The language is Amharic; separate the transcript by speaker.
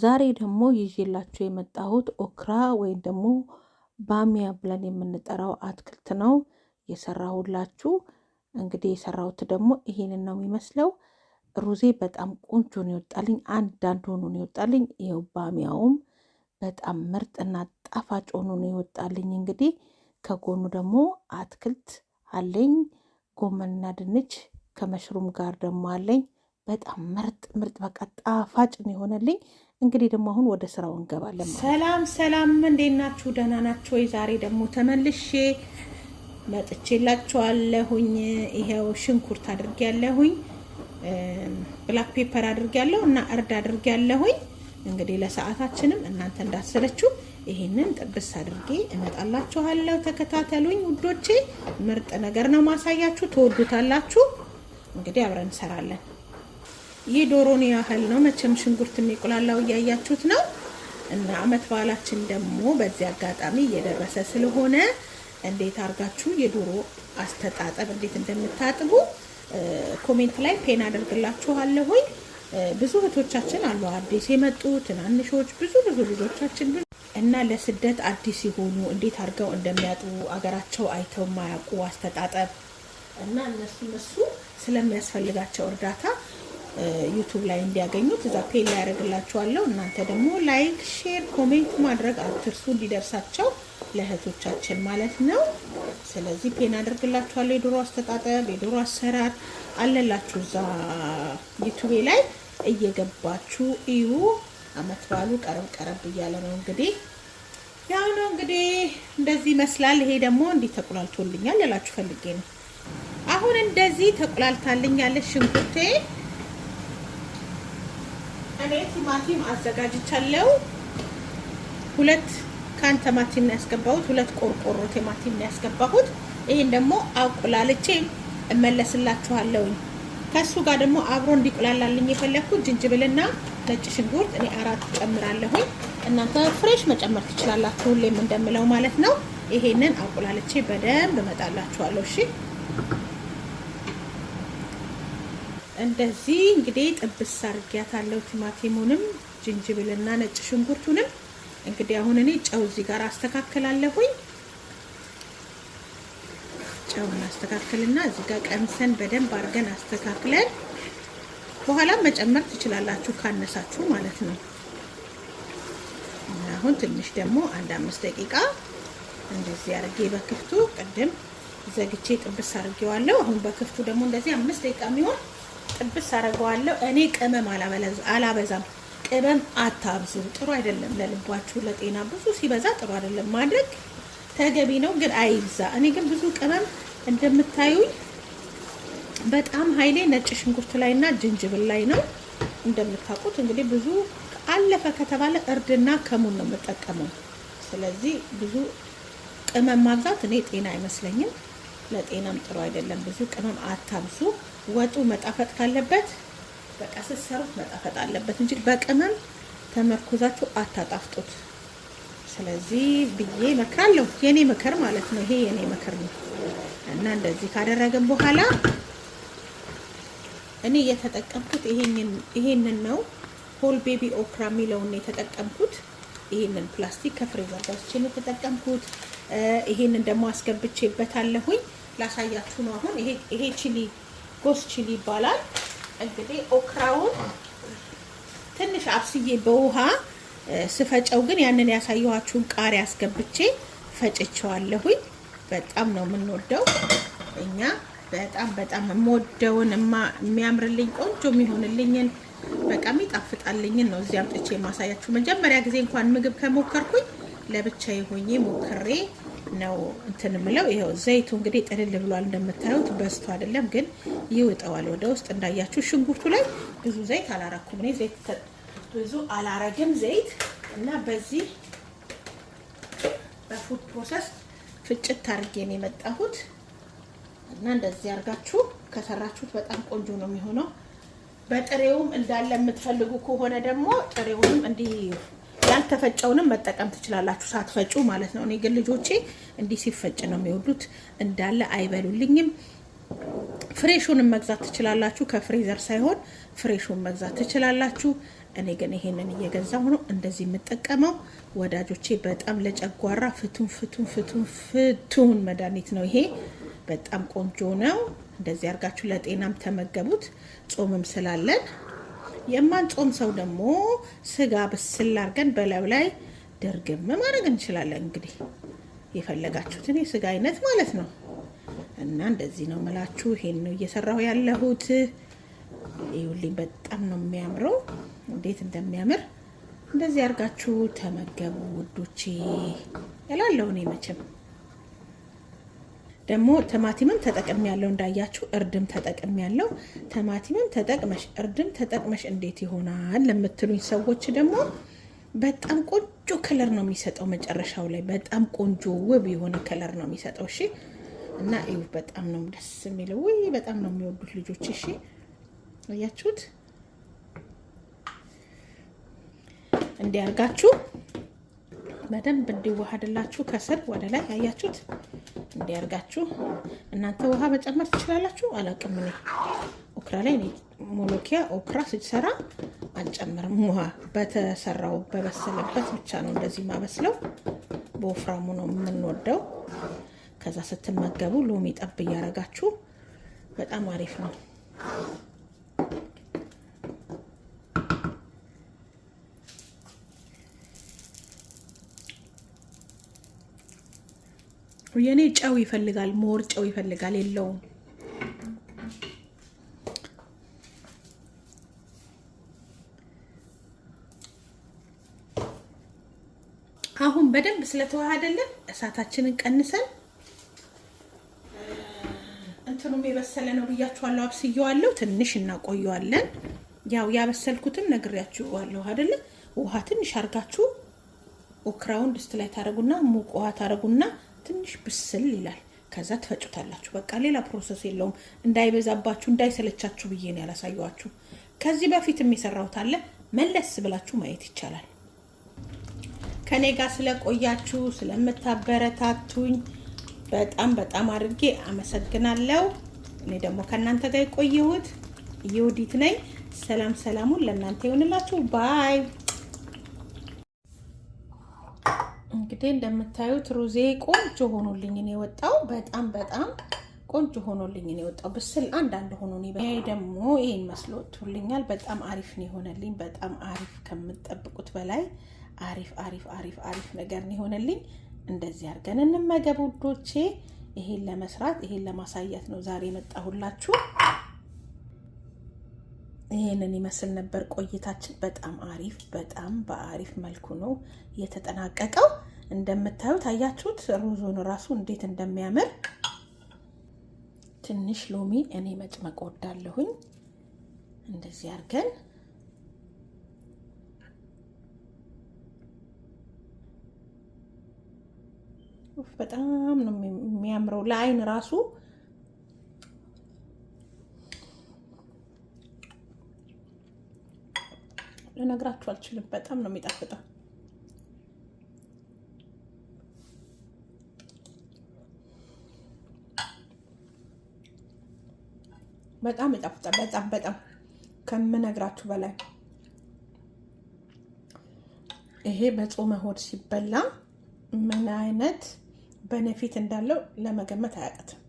Speaker 1: ዛሬ ደግሞ ይዤላችሁ የመጣሁት ኦክራ ወይም ደግሞ ባሚያ ብለን የምንጠራው አትክልት ነው የሰራሁላችሁ። እንግዲህ የሰራሁት ደግሞ ይሄንን ነው የሚመስለው። ሩዜ በጣም ቆንጆ ነው ይወጣልኝ፣ አንዳንድ ሆኖ ነው ይወጣልኝ። ይኸው ባሚያውም በጣም ምርጥና ጣፋጭ ሆኖ ነው ይወጣልኝ። እንግዲህ ከጎኑ ደግሞ አትክልት አለኝ፣ ጎመንና ድንች ከመሽሩም ጋር ደግሞ አለኝ። በጣም ምርጥ ምርጥ በቃ ጣፋጭ ነው የሆነልኝ። እንግዲህ ደግሞ አሁን ወደ ስራው እንገባለን።
Speaker 2: ሰላም ሰላም፣ እንዴት ናችሁ? ደህና ናችሁ ወይ? ዛሬ ደግሞ ተመልሼ መጥቼላችኋለሁኝ። ይሄው ሽንኩርት አድርጌያለሁኝ፣ ብላክ ፔፐር አድርጌያለሁ እና እርድ አድርጌያለሁኝ። እንግዲህ ለሰዓታችንም እናንተ እንዳሰለችው ይሄንን ጥብስ አድርጌ እመጣላችኋለሁ። ተከታተሉኝ ውዶቼ፣ ምርጥ ነገር ነው ማሳያችሁ፣ ትወዱታላችሁ። እንግዲህ አብረን እንሰራለን። ይህ ዶሮን ያህል ነው መቼም ሽንኩርት የሚቆላላው እያያችሁት ነው። እና አመት በዓላችን ደግሞ በዚህ አጋጣሚ እየደረሰ ስለሆነ እንዴት አድርጋችሁ የዶሮ አስተጣጠብ እንዴት እንደምታጥቡ ኮሜንት ላይ ፔን አደርግላችኋለሁኝ። ብዙ እህቶቻችን አሉ አዲስ የመጡ ትናንሾች፣ ብዙ ብዙ ልጆቻችን እና ለስደት አዲስ የሆኑ እንዴት አድርገው እንደሚያጥቡ አገራቸው አይተው ማያውቁ አስተጣጠብ እና እነሱ እነሱ ስለሚያስፈልጋቸው እርዳታ ዩቱብ ላይ እንዲያገኙት እዛ ፔ ላይ እናንተ ደግሞ ላይክ፣ ሼር፣ ኮሜንት ማድረግ አትርሱ፣ እንዲደርሳቸው ለእህቶቻችን ማለት ነው። ስለዚህ ፔን አደርግላችኋለሁ። የዶሮ አስተጣጠብ፣ የዶሮ አሰራር አለላችሁ እዛ ዩቱቤ ላይ እየገባችሁ እዩ። አመት በዓሉ ቀረብ ቀረብ እያለ ነው እንግዲህ ያው ነው እንግዲህ እንደዚህ ይመስላል። ይሄ ደግሞ እንዲህ ተቁላልቶልኛል ልላችሁ ፈልጌ ነው። አሁን እንደዚህ ተቁላልታልኛለች ሽንኩርቴ እኔ ቲማቲም አዘጋጅቻለሁ። ሁለት ካን ቲማቲም ነው ያስገባሁት። ሁለት ቆርቆሮ ቲማቲም ነው ያስገባሁት። ይሄን ደግሞ አቁላልቼ እመለስላችኋለሁ። ከሱ ጋር ደግሞ አብሮ እንዲቁላላልኝ የፈለግኩት ጅንጅብልና ነጭ ሽንኩርት እኔ አራት ጨምራለሁኝ። እናንተ ፍሬሽ መጨመር ትችላላችሁ፣ ሁሌም እንደምለው ማለት ነው። ይሄንን አቁላልቼ በደንብ እመጣላችኋለሁ። እሺ እንደዚህ እንግዲህ ጥብስ አድርጊያታለሁ። ቲማቲሙንም ጅንጅብልና ነጭ ሽንኩርቱንም እንግዲህ አሁን እኔ ጨው እዚህ ጋር አስተካክላለሁኝ። ጨውን አስተካክልና እዚህ ጋር ቀምሰን በደንብ አድርገን አስተካክለን በኋላም መጨመር ትችላላችሁ ካነሳችሁ ማለት ነው። እና አሁን ትንሽ ደግሞ አንድ አምስት ደቂቃ እንደዚህ አድርጌ በክፍቱ ቅድም ዘግቼ ጥብስ አድርጌዋለሁ። አሁን በክፍቱ ደግሞ እንደዚህ አምስት ደቂቃ የሚሆን ጥብስ አደርገዋለሁ። እኔ ቅመም አላበዛም። ቅመም አታብዙ፣ ጥሩ አይደለም ለልባችሁ፣ ለጤና ብዙ ሲበዛ ጥሩ አይደለም። ማድረግ ተገቢ ነው፣ ግን አይብዛ። እኔ ግን ብዙ ቅመም እንደምታዩኝ በጣም ኃይሌ ነጭ ሽንኩርት ላይ እና ጅንጅብል ላይ ነው። እንደምታውቁት እንግዲህ ብዙ አለፈ ከተባለ እርድና ከሙን ነው የምጠቀመው። ስለዚህ ብዙ ቅመም ማብዛት እኔ ጤና አይመስለኝም። ለጤናም ጥሩ አይደለም። ብዙ ቅመም አታብዙ። ወጡ መጣፈጥ ካለበት በቃ ስትሰሩት መጣፈጥ አለበት እንጂ በቅመም ተመርኩዛችሁ አታጣፍጡት። ስለዚህ ብዬ መክራለሁ። የኔ ምክር ማለት ነው። ይሄ የኔ ምክር ነው እና እንደዚህ ካደረግን በኋላ እኔ የተጠቀምኩት ይሄንን ነው። ሆል ቤቢ ኦክራ የሚለውን የተጠቀምኩት ይሄንን ፕላስቲክ ከፍሬዘር ጋር የተጠቀምኩት ይሄንን ደግሞ አስገብቼበታለሁኝ። ላሳያችሁ ነው። አሁን ይሄ ቺሊ ጎስ ቺሊ ይባላል። እንግዲህ ኦክራውን ትንሽ አብስዬ በውሃ ስፈጨው ግን ያንን ያሳየኋችሁን ቃሪ አስገብቼ ፈጭቸዋለሁኝ። በጣም ነው የምንወደው እኛ በጣም በጣም የምወደውን የሚያምርልኝ ቆንጆ የሚሆንልኝን በቃ የሚጣፍጣልኝን ነው እዚህ አምጥቼ የማሳያችሁ። መጀመሪያ ጊዜ እንኳን ምግብ ከሞከርኩኝ ለብቻዬ ሆኜ ሞክሬ ነው እንትን ምለው። ይኸው ዘይቱ እንግዲህ ጥልል ብሏል እንደምታዩት፣ በስቶ አይደለም ግን ይውጠዋል ወደ ውስጥ እንዳያችሁ። ሽንኩርቱ ላይ ብዙ ዘይት አላረኩም እኔ ዘይት ብዙ አላረግም ዘይት እና በዚህ በፉድ ፕሮሰስ ፍጭት አድርጌ የመጣሁት እና እንደዚህ አድርጋችሁ ከሰራችሁት በጣም ቆንጆ ነው የሚሆነው። በጥሬውም እንዳለ የምትፈልጉ ከሆነ ደግሞ ጥሬውንም እንዲህ ያልተፈጨውንም መጠቀም ትችላላችሁ፣ ሳትፈጩ ማለት ነው። እኔ ግን ልጆቼ እንዲህ ሲፈጭ ነው የሚወዱት፣ እንዳለ አይበሉልኝም። ፍሬሹንም መግዛት ትችላላችሁ፣ ከፍሬዘር ሳይሆን ፍሬሹን መግዛት ትችላላችሁ። እኔ ግን ይሄንን እየገዛሁ ነው እንደዚህ የምጠቀመው ወዳጆቼ። በጣም ለጨጓራ ፍቱን ፍቱን ፍቱን ፍቱን መድኃኒት ነው ይሄ። በጣም ቆንጆ ነው። እንደዚህ አድርጋችሁ ለጤናም ተመገቡት። ጾምም ስላለን የማንጾም ሰው ደግሞ ስጋ ብስል አድርገን በላዩ ላይ ድርግም ማድረግ እንችላለን። እንግዲህ የፈለጋችሁትን የስጋ አይነት ማለት ነው። እና እንደዚህ ነው ምላችሁ። ይሄን ነው እየሰራሁ ያለሁት። ይኸውልኝ በጣም ነው የሚያምረው። እንዴት እንደሚያምር እንደዚህ አድርጋችሁ ተመገቡ ውዶቼ እላለሁ እኔ መቼም ደግሞ ቲማቲምም ተጠቅም ያለው እንዳያችሁ እርድም ተጠቅም ያለው ቲማቲምም ተጠቅመሽ እርድም ተጠቅመሽ እንዴት ይሆናል ለምትሉኝ ሰዎች ደግሞ በጣም ቆንጆ ከለር ነው የሚሰጠው። መጨረሻው ላይ በጣም ቆንጆ ውብ የሆነ ከለር ነው የሚሰጠው። እሺ እና እዩ፣ በጣም ነው ደስ የሚለው። ውይ በጣም ነው የሚወዱት ልጆች። እሺ እያችሁት እንዲያርጋችሁ በደንብ እንዲዋሃድላችሁ ከስር ወደ ላይ ያያችሁት እንዲያርጋችሁ እናንተ ውሃ መጨመር ትችላላችሁ። አላቅም እኔ ኦክራ ላይ ሞሎኪያ ኦክራ ስትሰራ አልጨምርም ውሃ። በተሰራው በበሰለበት ብቻ ነው እንደዚህ ማበስለው። በወፍራሙ ነው የምንወደው። ከዛ ስትመገቡ ሎሚ ጠብ እያረጋችሁ በጣም አሪፍ ነው። የኔ ጨው ይፈልጋል፣ ሞር ጨው ይፈልጋል። የለውም አሁን በደንብ ስለተዋሃደልን እሳታችንን ቀንሰን እንትኑም የበሰለ ነው ብያችኋለሁ። አብስየዋለሁ። ትንሽ እናቆየዋለን። ያው ያበሰልኩትን ነግሬያችኋለሁ አይደለ? ውሃ ትንሽ አርጋችሁ ኦክራውን ድስት ላይ ታደረጉና ሙቅ ውሃ ታደረጉና ትንሽ ብስል ይላል። ከዛ ትፈጩታላችሁ። በቃ ሌላ ፕሮሰስ የለውም። እንዳይበዛባችሁ እንዳይሰለቻችሁ ብዬ ነው ያላሳየኋችሁ። ከዚህ በፊት የሰራሁት አለ መለስ ብላችሁ ማየት ይቻላል። ከኔ ጋር ስለቆያችሁ ስለምታበረታቱኝ በጣም በጣም አድርጌ አመሰግናለሁ። እኔ ደግሞ ከእናንተ ጋር የቆየሁት ይሁዲት ነኝ። ሰላም ሰላሙን ለእናንተ ይሆንላችሁ ባይ እንግዲህ እንደምታዩት ሩዜ ቆንጆ ሆኖልኝ ነው የወጣው። በጣም በጣም ቆንጆ ሆኖልኝ ነው የወጣው። ብስል አንዳንድ ሆኖ ነው። ይሄ ደግሞ ይሄን መስሎ ወጥቶልኛል። በጣም አሪፍ ነው የሆነልኝ። በጣም አሪፍ ከምጠብቁት በላይ አሪፍ አሪፍ አሪፍ አሪፍ ነገር ነው የሆነልኝ። እንደዚህ አድርገን እንመገብ ውዶቼ። ይሄን ለመስራት ይሄን ለማሳየት ነው ዛሬ የመጣሁላችሁ። ይህንን ይመስል ነበር ቆይታችን። በጣም አሪፍ በጣም በአሪፍ መልኩ ነው የተጠናቀቀው። እንደምታዩት አያችሁት ሩዙን ራሱ እንዴት እንደሚያምር ትንሽ ሎሚ እኔ መጭመቅ ወዳለሁኝ። እንደዚህ አድርገን በጣም ነው የሚያምረው ለአይን ራሱ ልነግራችሁ አልችልም። በጣም ነው የሚጣፍጠው። በጣም ይጣፍጣል። በጣም በጣም ከምነግራችሁ በላይ ይሄ በጾመ ሆድ ሲበላ ምን አይነት በነፊት እንዳለው ለመገመት አያውቅትም።